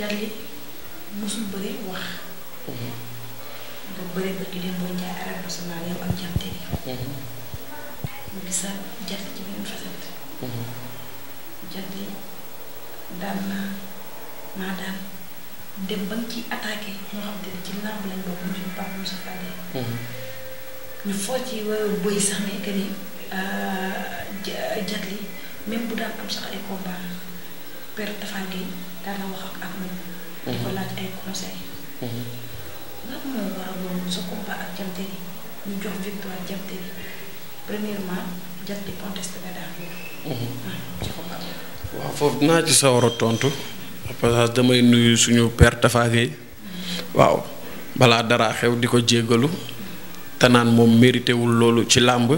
Charlie mosul bëre wax. nga mhm. bëre ba kii dem boo ñaay arène nationale yow ak jant yi. Mhm. ci benn ñoo mhm. xam te ci làmb lañ bokk ci bëy sax euh, bu daan am sax ay combat perte Tafa Gueye. daana wax mhm. mhm. mhm. ah, ci combat waaw foofu dinaa ci sawar a tontu parce damay nuyu suñu père Tafa Gueye waaw balaa dara xew di ko jéggalu te naan moom mérité loolu ci làmb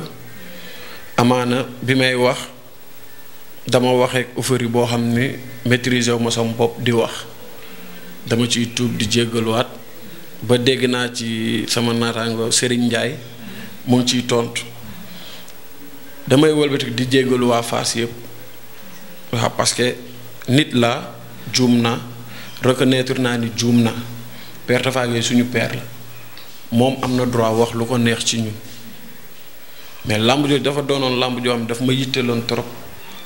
amaana bi may wax dama waxee euphorie boo xam ne maîtriser wu ma sama bopp di wax dama ciy tuub di jéggaluwaat ba dégg naa ci sama naataango Serigne Ndiaye mu ciy tontu damay wëlbati di jéggalu waa Fass yëpp waaw parce que nit la juum na reconnaître naa ni juum na Père Tapha suñu per la moom am na droit wax lu ko neex ci ñun mais làmb jooju dafa doonoon làmb joo am daf ma yitteloon trop.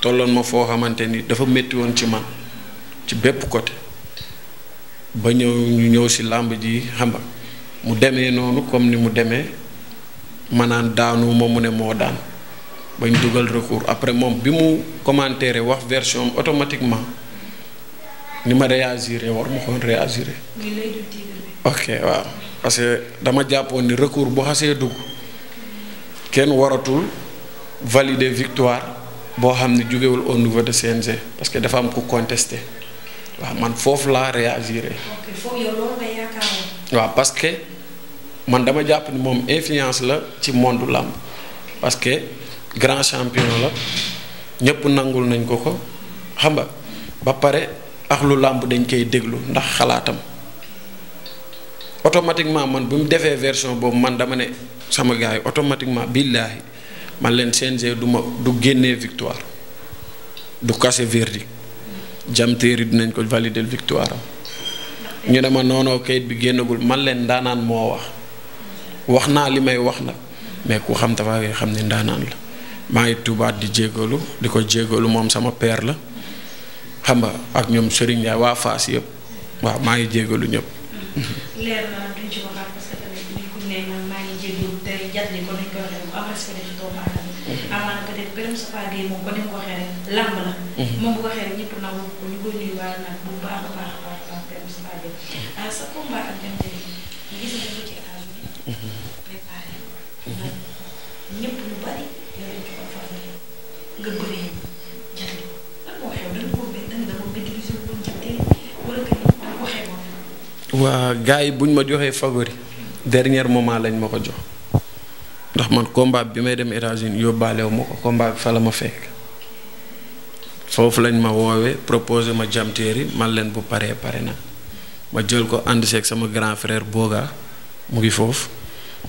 tolloon ma foo xamante ni dafa métti woon ci man ci bépp côté ba ñëw ñu ñëw si làmb ji xam nga mu demee noonu comme ni mu demee manaan daanu ma mu ne moo daan bañ dugal recours après moom bi mu commentaire wax version automatiquement ni ma réagir war ma xoon réagir. ok waaw parce que dama jàppoon ni recours bu xasee dugg kenn waratul valider victoire. boo xam ne jógewul au niveau de CNG parce que dafa am ku contesté waaw man foofu laa réagir. waaw parce que man dama jàpp ni moom influence la ci monde làmb parce que grand champion la ñëpp nangul nañ ko ko xam nga ba pare axlu làmb dañ koy déglu ndax xalaatam otomatiquement man bu mu defee version boobu man dama ne sama gars yi automatiquement billaahi man leen CNG du ma du génne victoire du kase verdict jam dinañ ko valider victoire am ñu ne ma noonoo kayit bi génnagul man leen ndaanaan moo wax wax naa li may wax nag mais ku xam dafa ngay xam ne ndaanaan la maa ngi tuubaat di jégalu di ko jégalu moom sama père la xam nga ak ñoom Serigne Ndiaye waa Fass yépp waaw maa ngi jégalu ñëpp. respecté ci doomu aadama. Mhm. amaana peut être Birame Souleye Gueye moom ko ni mu waxee rek làmb la. Mhm. moom bu waxee rek ñëpp nangu ko ñu koy nuyuwaale nag bu baax a baax a baax a baax Birame Souleye Gueye. ah sa combat ak Deme Deme gis nañ ko ci état bi. préparé ndax ñëpp ñu bari yow dañu ko faral nga bëree jënd lan moo xew dañu ko béy da nga ko maîtriser woon jëndee wala que ni da nga ko xewoon. waa gars yi buñ ma joxee favori dernier moment lañ ma ko jox. ndax man combat bi may dem États-Unis yóbbaale wu ma ko combat bi fa la ma fekk foofu lañ ma woowee proposé ma Diam man leen bu paree pare na ma jël ko ànd seeg sama grand frair Boga mu ngi foofu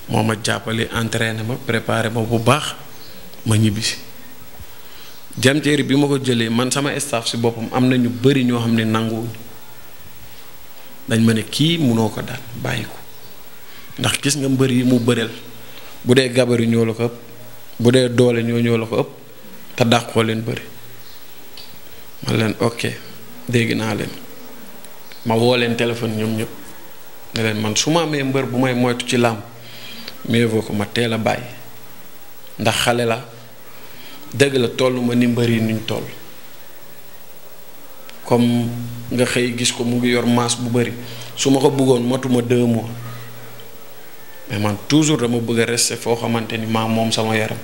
moo ma jàppale entraîné ma préparé ma bu baax ma ñibbisi Diam bi ma ko jëlee man sama staff si boppam am na ñu bari ñoo xam ne nanguwuñ dañ ma ne kii munoo ko daal bàyyi ko ndax gis nga mbër yi mu bëreel. bu dee gabari ñoo la ko ëpp bu dee doole ñoo ñoo la ko ëpp te dàqoo leen bëri man leen ok dégg naa leen ma woo leen téléphone ñoom ñëpp ne leen man su ma amee mbër bu may moytu ci làmp mieux vaut ma teel a bàyyi ndax xale la dëgg la tollu ma ni mbër yi nuñ toll comme nga xëy gis ko mu ngi yor maas bu bëri su ma ko bëggoon matuma deux mois mais man toujours dama bëgg a rester foo xamante ni maa moom sama yaram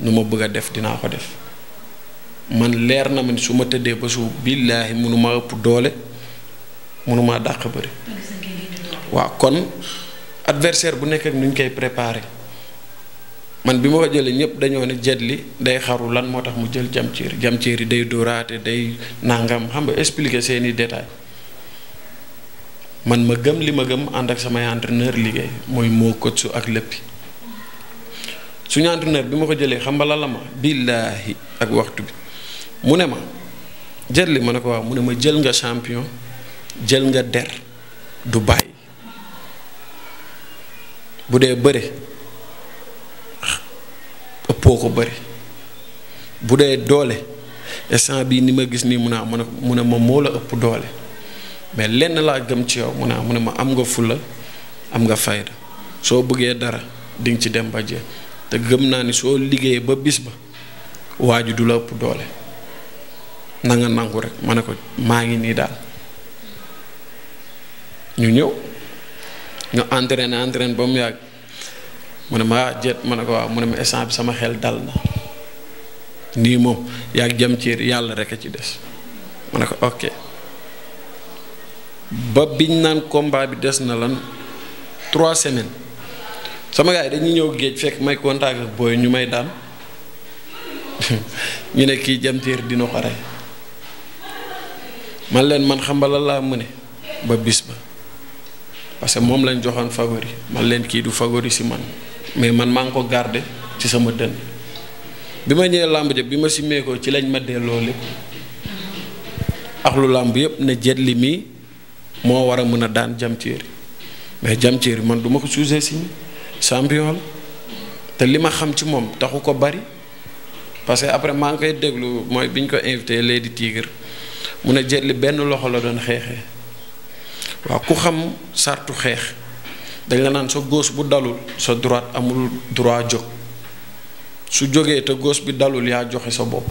nu ma bëgg a def dinaa ko def man leer na ma ni su ma tëddee ba suuf billaahi mënu ma ëpp doole mënu ma dàq bëri. waaw kon adversaire bu nekk ak nu ñu koy préparé man bi ma ko jëlee ñëpp dañoo ne Jet day xaru lan moo tax mu jël Diamthiery Diamthiery day dóoraate day nangam xam nga expliquer seeni détails man ma gëm li ma gëm ànd ak samay entraîneur liggéey mooy moo coach ak lépp suñu entraîneur bi ma ko jëlee xam nga la la ma billaahi ak waxtu bi mu ne ma jël li ma ne ko waaw mu ne ma jël nga champion jël nga der du bàyyi bu dee bëre ëppoo ko bëri bu dee doole instant bii ni ma gis nii mun a ah, mun a ma moo la ëpp doole. mais lenn laa gëm ci yow mu ne mu ne ma am nga fulla am nga fayda soo bëggee dara di ci dem ba jeex te gëm naa ni soo liggéeyee ba bis ba waa ji du la ëpp doole na nga nangu rek ma ne ko maa ngi nii daal ñu ñëw ñu entraîné entraîné ba mu yàgg mu ne ma ah, jet ma ne ko waaw mu ne ma instant bi sama xel dal na nii moom yàgg jëm ci yàlla rek a ci des ma ne ko ok ba biñ naan combat bi des na lan trois semaines sama gars yi dañuy ñëw géej fekk may contact booy ñu may daan ñu ne kii jamteer dina ko rey man leen man xambala laa mu ne ba bis ba parce que moom lañ joxoon favori man leen kii du fagori si man mais man maa ngi ko garde ci sama dënn bi ma ñëwee làmb ja bi ma simmeekoo ci lañ ma delloo lépp ak làmb yëpp ne Jet mii moo war a mën a daan jam ceeri mais jam ceeri man du ma ko sous-estimer champion la te li ma xam ci moom taxu ko bari parce que après maa ngi koy déglu mooy bi ñu ko invité Lady Tigre mu ne Jet Li benn loxo la doon xeexee waaw ku xam sartu xeex dañ la naan sa góos bu dalul sa droite amul droit jóg su jógee te góos bi dalul yaa joxe sa bopp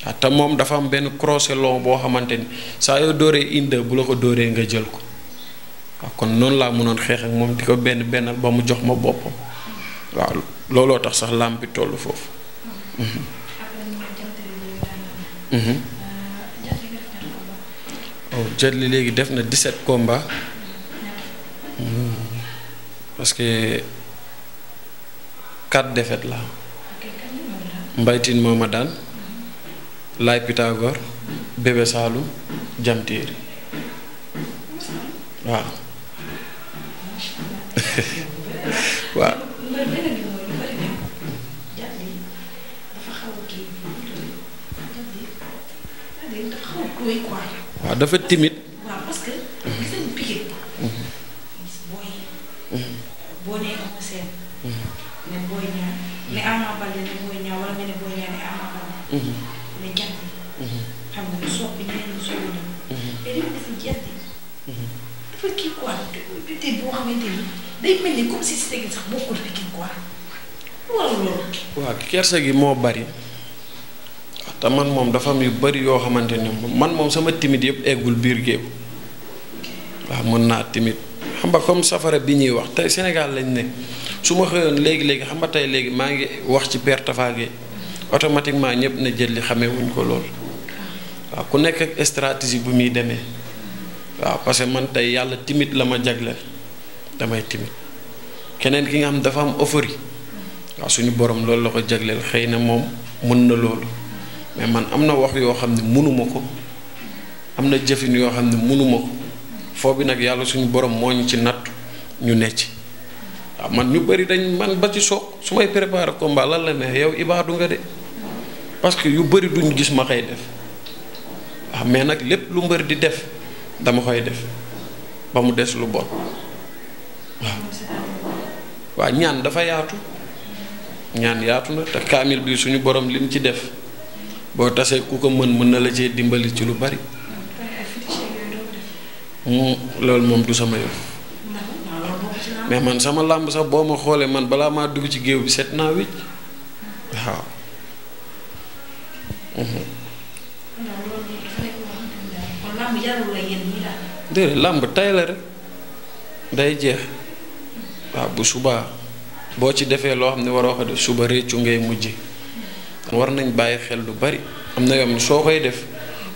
Ah, te moom dafa am benn crochet long boo xamante ni saa yoo dóoree inde bu la ko dóoree nga jël ko waaw ah, kon noonu laa mënoon xeex moom di ko benn benn ba mu jox ma boppam waaw looloo tax sax làmb bi toll foofu. Mhm. Mhm. oh jot li léegi def na 17 komba mhm. parce que 4 défaites la mbaytin moo ma daan. Laay Pythagore Bébé Saloum waaw waaw. dafa timide day mel gi moo bari te man moom dafa yu bari yoo xamante ni man moom sama timide yëpp eggul biir géew waaw mën naa timide xam nga comme safara bi ñuy wax te Sénégal lañ ne su ma xëyoon léegi léegi xam nga tey léegi maa ngi wax ci Père Tafa Gueye automatiquement ñëpp na jël li xamee wuñ ko lool waaw ku nekk ak stratégie bu muy demee waaw parce que man tey yàlla timide la ma jagleel damay timide keneen ki nga xam dafa am euphorie waaw suñu borom loolu la ko jagleel xëy na moom mën na loolu mais man am na wax yoo xam ne mënuma ko am na jëfin yoo xam ne mënuma ko foo bi nag yàlla suñu borom moo ñu ci natt ñu nekk ci man ñu bëri dañ man ba ci soog su may préparer combat lan la ne yow ibaadu nga de parce que yu bëri duñu gis ma koy def waaw mais nag lépp lu mbër di def dama koy def ba mu des lu bon waa ñaan dafa yaatu ñaan yaatu na te kaamil bi suñu boroom lim ci def boo tasee ku ko mën mën na la cee dimbali ci lu bari loolu moom du sama yoon mais man sama làmb sax boo ma xoolee man balaa maa dugg ci géew bi set naa wécc waaw mhm. làmb tay la rek day jeex waaw bu suba boo ci defee loo xam ne waroo ko def suba réccu ngay mujje war nañ bàyyi xel lu bari am na yoo soo koy def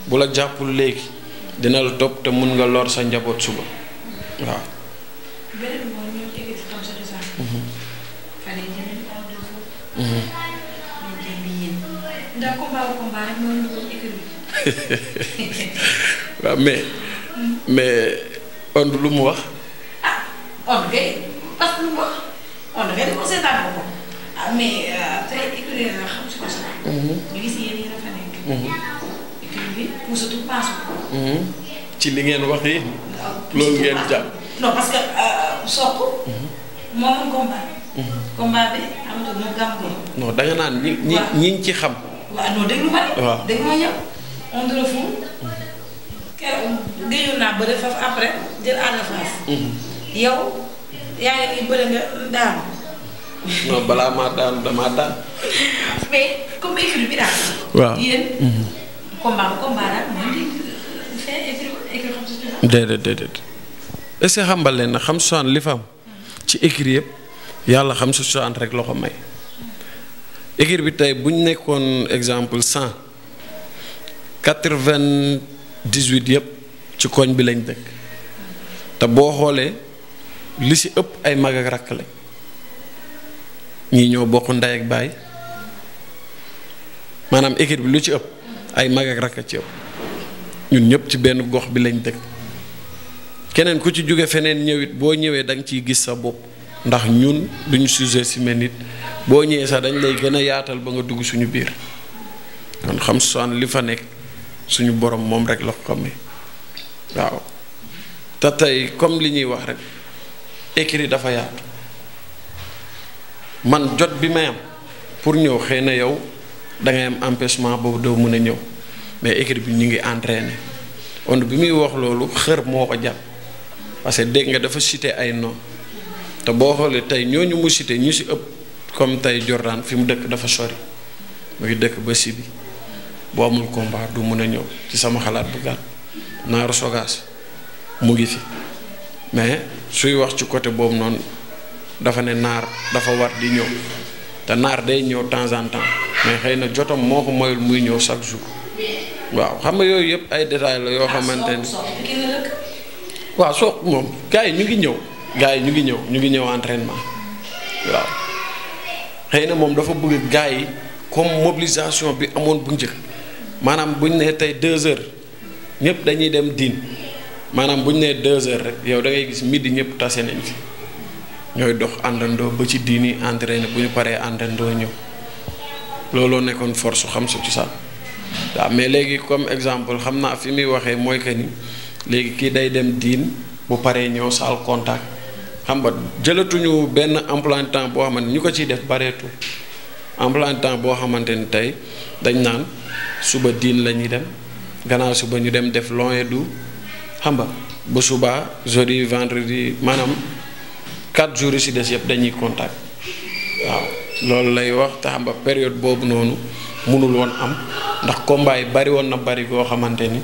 bu la jàppul léegi dina la topp te mun nga lor sa njaboot suba waaw. Mhm. Mhm. waaw mais mais ond lu mu wax. Ah, ndax ah, euh, euh, mhm. mhm. mhm. ci li ngeen wax yi. loolu ngeen jàpp. non parce que euh, soq. moo am combat. combat bi amatul moom gàmm ko. non da nga naan ñi ñi ñi ci xam. waaw non déglu ma de. waaw déglu ma ñëpp on naa ba def après jël à face. yow. yaa ngi nii bëri nga daanu. non balaa maa daanu damaa daan. waaw yéen. Mhm. combat ba combat daal mooy déedéet na xam sosaan li fa am ci écurie yëpp yàlla xam sosaan rek loo ko may. écurie bi tey buñ nekkoon exemple cent quatre vingt dix huit yëpp ci koñ bi lañ dëkk te boo xoolee. li ci ëpp ay mag ak rakk lañ ñii ñoo bokk ndey ak baay maanaam équipe bi lu ci ëpp ay mag ak rakk ci ëpp ñun ñëpp ci benn gox bi lañ dëkk keneen ku ci jóge feneen ñëwit boo ñëwee da nga ciy gis sa bopp ndax ñun duñu sujet si mel nit boo ñëwee sax dañ lay gën a yaatal ba nga dugg suñu biir kon xam saan li fa nekk suñu borom moom rek la ko xamee waaw te tey comme li ñuy wax rek. écrit dafa yaatu man jot bi may am pour ñëw xëy na yow da ngay am empêchement boobu doo mën a ñëw mais écrit bi ñu ngi entraîné on bi muy wax loolu xër moo ko jàpp parce que dégg nga dafa cité ay noon te boo xoolee tey ñooñu mu cité ñu si ëpp comme tey jordaan fi mu dëkk dafa sori muy dëkk ba si boo amul combat du mën a ñëw ci sama xalaat bu gàtt Naar Sogas mu ngi fi mais. suy wax ci côté boobu noonu dafa ne naar dafa war di ñëw te naar day ñëw temps en temps mais xëy na jotam moo ko moyul muy ñëw chaque jour waaw xam nga yooyu yëpp ay détails la yoo xamante ni waaw soo moom gars yi ñu ngi ñëw gars yi ñu ngi ñëw ñu ngi ñëw entraînement waaw xëy na moom dafa bëgg gars yi comme mobilisation bi amoon bu njëkk maanaam buñ ne tey deux heures ñëpp dañuy dem diin maanaam bu ñu nee deux heures rek yow da ngay gis midi ñëpp tase nañ fi ñooy dox àndandoo ba ci diini entraîné bu ñu paree àndandoo ñëw looloo nekkoon force xam su cosaan waaw mais léegi comme exemple xam naa fi muy waxee mooy que ni léegi kii day dem diin bu paree ñëw saal contact xam nga jëlatuñu benn emploi du temps boo xamante ñu ko ciy def bareetul emploi temps boo xamante ni tey dañ naan suba diin la ñuy dem gannaaw suba ñu dem def long et xam nga bu subaa jeudi vendredi maanaam quatre jours yi si des yëpp dañuy contact waaw loolu lay wax te xam nga période boobu noonu mënul woon am ndax combat yi bari woon na bari goo xamante ni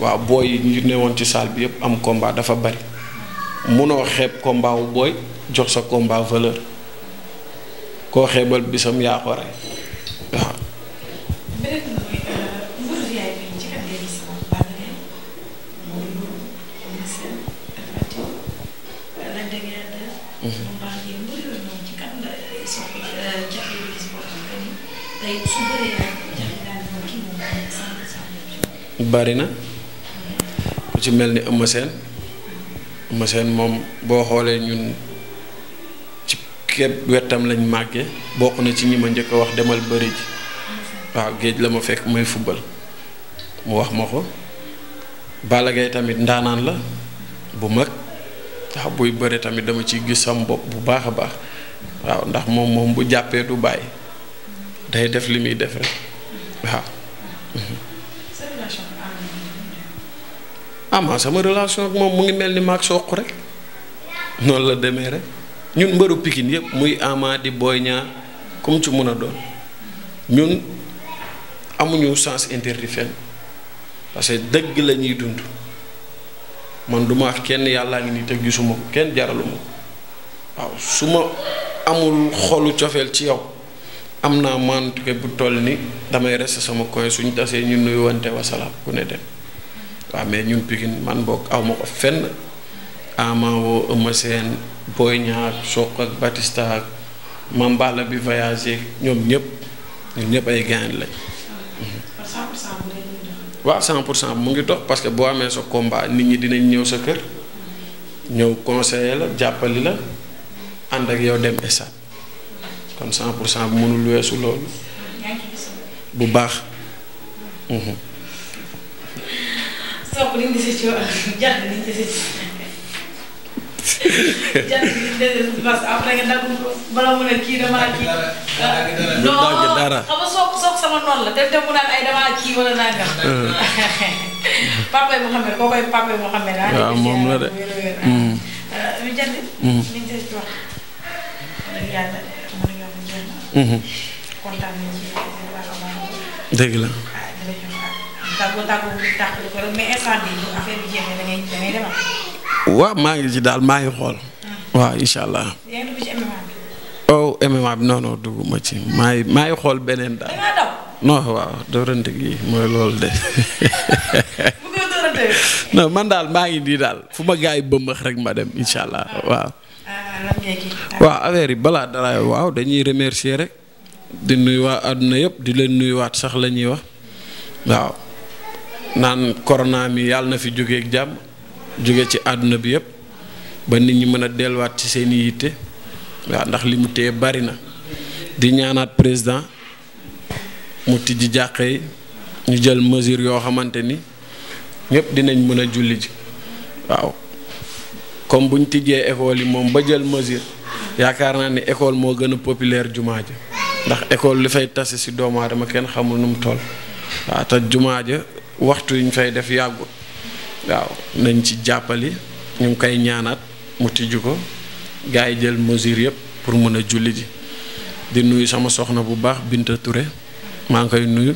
waaw booy yi ñu ne woon ci salle bi yëpp am combat dafa bari munoo xeeb komba wu booy jox sa combat valeur koo xeebal bisam yaa ko rey bari na ku ci mel ni Eumeu Sène Eumeu Sène moom boo xoolee ñun ci képp wetam lañ màggee bokk na ci ñi ma njëkk a wax demal bari ji waaw géej la ma fekk may fubal mu wax ma ko Balla Gaye tamit ndaanaan la bu mag ndax buy bëre tamit dama ciy gis sam bopp bu baax a baax waaw ndax moom moom bu jàppee du bàyyi day def li muy def waaw ama sama relation ak moom mu ngi mel ni maag soq rek noonu la demee rek ñun mbëru Pikine yëpp muy ama di Boy Niang comme ci mun a doon ñun amuñu sens interdit fenn parce que dëgg la ñuy dund man du ma kenn yàlla ngi ni te gisuma ko kenn jaraluma ko waaw su ma amul xolu cofeel ci yow am naa maantu bu toll ni damay reste sama koy suñ tasee ñun nuy wante wasalaam ku ne dem waaw mais ñun Pikine man bokk aw ma ko fenn Ama woo Eumeu Sène Boy ak Sokh ak bi voyagé ñoom ñëpp ñun ñëpp ay gain lañ. waaw cent pour cent mu ngi dox parce que boo amee sa combat nit ñi dinañ ñëw sa kër ñëw conseiller la jàppali la ànd ak yow dem esat kon 100 pour cent bu mënul weesu loolu. bu baax. Mhm. sopp li ñu dese ci wàll jant li ñu dese ci jant li ñu dese ci parce que après nga dagg bala mu ne kii damaa kii. dara dara xam nga soog soog sama noonu la te te mu naan ay damaa kii wala naa nga papa yi Mouhamed koo koy papa yi Mouhamed ah. waaw moom la de. ñu jant. li ñu dese ci wax dëgg yàlla de mën nañoo ko jéem a. kontaan nañu ci dëgg la. waa maa ngi ci daal maa ngi xool. Ah. waaw incha allah. yaa bi. oh MMA bi non non dugguma ci maa ngi maa ngi xool beneen daal. dangaa waaw dóorante gi mooy loolu de. bu man daal maa ngi nii daal fu ma gaa yi bëmbax rek ma dem incha allah ah. waaw. Ah, waaw yi balaa dara waaw dañuy remercier rek. di nuyu waa àdduna yëpp di leen nuyuwaat sax la ñuy wax waaw. naan corona mi yàlla na fi jóge jàmm jóge ci àdduna bi yëpp ba nit ñi mën a delluwaat ci seen i yitte waaw ndax li mu téye bari na di ñaanaat président mu tijji jàqe yi ñu jël mesure yoo xamante ni ñëpp dinañ mën a julli ji waaw comme bu ñu tijjee école yi moom ba jël mesure yaakaar naa ni école moo gën a populaire jumaa ja ndax école li fay tasi ci doomu aadama kenn xamul nu mu toll waaw te jumaa ja waxtu ñu fay def yàggut waaw nañ ci jàppali ñu ngi koy ñaanaat mu tijju ko gars yi jël mesure yëpp pour mën a julli ji di nuyu sama soxna bu baax Binta Touré maa ngi koy nuyu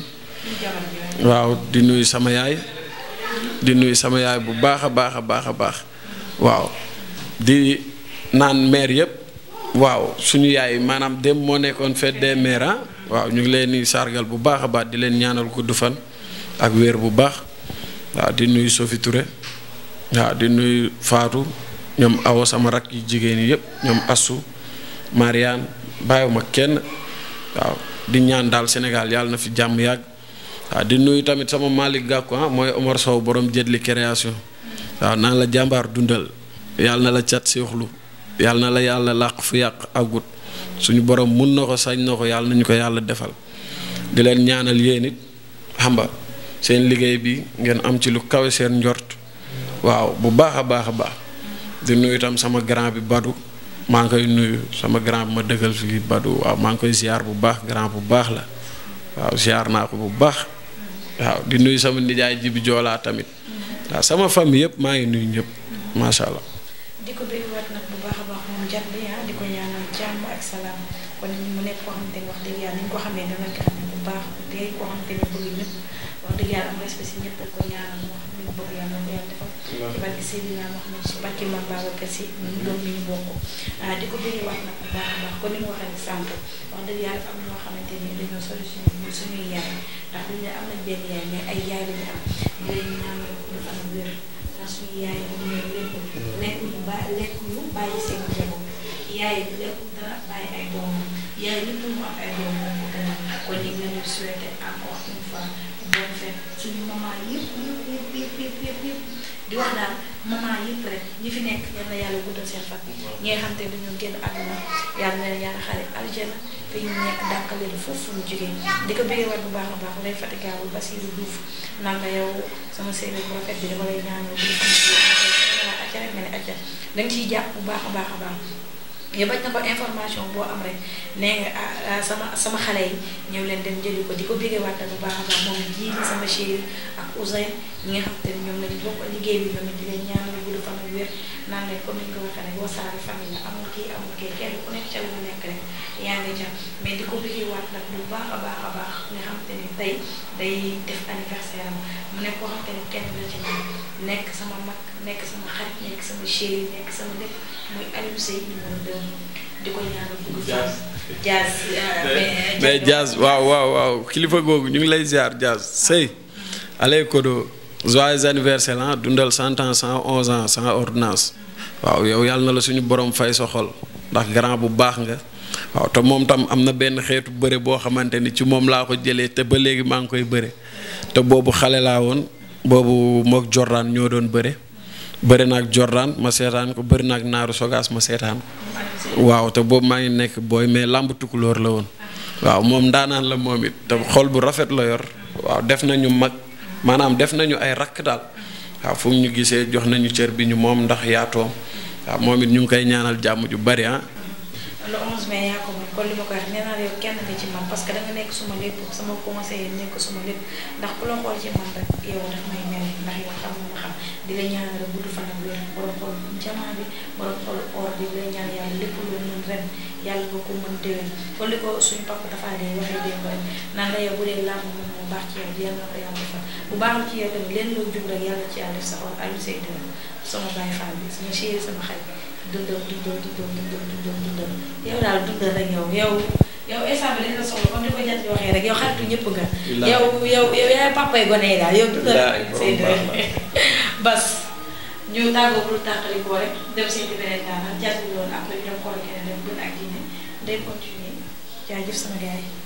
waaw di nuyu sama yaay di nuyu sama yaay bu baax a baax a baax a baax waaw di naan maire yëpp waaw suñu yaay maanaam dem moo nekkoon fête des mères ah. waaw ñu ngi leen di sargal bu baax a baax di leen ñaanal gudd fan ak wér bu baax waaw di nuyu Sophie Touré waaw di nuyu faatu ñoom awo sama rak yu jigéen yi yëpp ñoom Assou Mariane ma kenn waaw di ñaan daal Sénégal yàlla na fi jàmm yàgg waaw di nuyu tamit sama Malick Gakou ah mooy Omar Sow boroom Jetli création waaw naan la jàmbaar dundal yàlla na la cat seexlu yàlla na la yàlla làq fu yàq agut suñu boroom mun na ko sañ na ko yàlla nañu ko yàlla defal di leen ñaanal yéen it xamba seen liggéey bi ngeen am ci lu kawe seen njort waaw bu baax a baax a baax di nuyu itam sama grand bi Badou maa ngi koy nuyu sama grand bi ma waaw maa ngi koy ziar bu baax grand bu baax la waaw ziar naa ko bu baax waaw di nuyu sama nijaay jibi joolaa tamit waaw sama fami yépp maa ngi nuyu ñëpp macha allah. di ko bëriwaat nag bu baax a baax moom jàpp ah, di ko ñaanal jàmm ak salaam wala ñu mu ni wax dëgg yàlla ñu ko xamee dana ko am bu baax day koo xamante ni bëgg yàlla am respect si ñëpp ko di ko sànq wax dëgg yàlla am ñoo ni yaay am nañ benn yaay mais ay yaay lañu am di leen ñaanal ñu am bàyyi seen njaboot yaay lekk dara bàyyi ay doomam yaay lépp mu am ko kon ñu ngi leen di souhaiter encore une suñu maman yëpp di wax daal maman yëpp rek ñi fi nekk yal na yàlla guddal seen fan ñi nga xam te dañoo génn àdduna yàlla na leen yàlla xale aljana te ñu nekk dàkkale du foofu ñu jógee di ko bëggee war bu baax a baax lay fatigawul Basiru Diouf naan nga yow sama séeréer bu rafet bi dama lay ñaanal bu acca rek ciy jàpp bu baax a baax a baax yow bañ na ko information boo am rek nee nga ah, ah, sama sama xale yi ñëw leen dem jëli ko di ko bëggee waat bu baax a baax moom Bachir ak Ousseyn ñi nga xam te ne ñoom lañu bokk liggéey bi tamit di leen ñaanal gudd fan yu wér naan leen comme ni ñu ko waxee rek wasaare famille amul kii amul kii kenn ku nekk ca lu nekk rek yaa ngi jàpp mais di ko liggéey waat nag bu baax a baax a baax nga xam te ne tey day def anniversaire am mu nekk koo xam te ne kenn la ci nekk sama mag nekk sama xarit nekk sama chéri nekk sama lépp muy Aliou Seye numéro 2 di ko ñaanal gudd fan. Euh, mais Diaz euh, waaw waaw waaw kilifa googu ñu ngi lay ziar Diaz sëy allez Kodo joyeux anniversaire ah dundal cent ans cent onze ans sans ordonnance waaw yow yàlla na la suñu borom fay sa xol ndax grand bu baax nga waaw te moom tam am na benn xeetu bëre boo xamante ni ci moom laa ko jëlee te ba léegi maa ngi koy bëre te boobu xale laa woon boobu mook jordaan ñoo doon bëre. bëri naag Jordan ma seetaan ko bëri naag Naaru Sogaas ma seetaan ko waaw te boobu maa ngi nekk booy mais làmb tukulóor la woon waaw moom daanaan la moom it te xol bu rafet la yor waaw def nañu mag maanaam def nañu ay rakk daal waaw fu mu ñu gisee jox nañu cër bi ñu moom ndax yaatoom waaw moom it ñu ngi koy ñaanal jàmm ju bari ah. le 11 mai yaa ko moom kon li ma ko wax nee yow kenn nga ci man parce que da nekk suma lépp sama conseiller dina la ñaan rek gudd fan ak loolu borom xol jamaa bi borom xol or bi di la ñaan yàlla lépp lu mën ren yàlla nga ko mën déwén waxee rek yow na ko yàlla defal bu baaxul ci yow tamit sa xol Aliou bi sama chéri sama xarit dundal dundal dundal dundal dundal dundal yow daal dundal rek rek yow xaritu ñëpp nga yow yow yow yaay papa yi gone yi daal yow dundal bas ñu tàggoo pour tàqalikoo rek dem seeti beneen daanaka jaajëfal woon après ñu dem xool keneen dem gën ak yéen day continuer jaajëf sama gars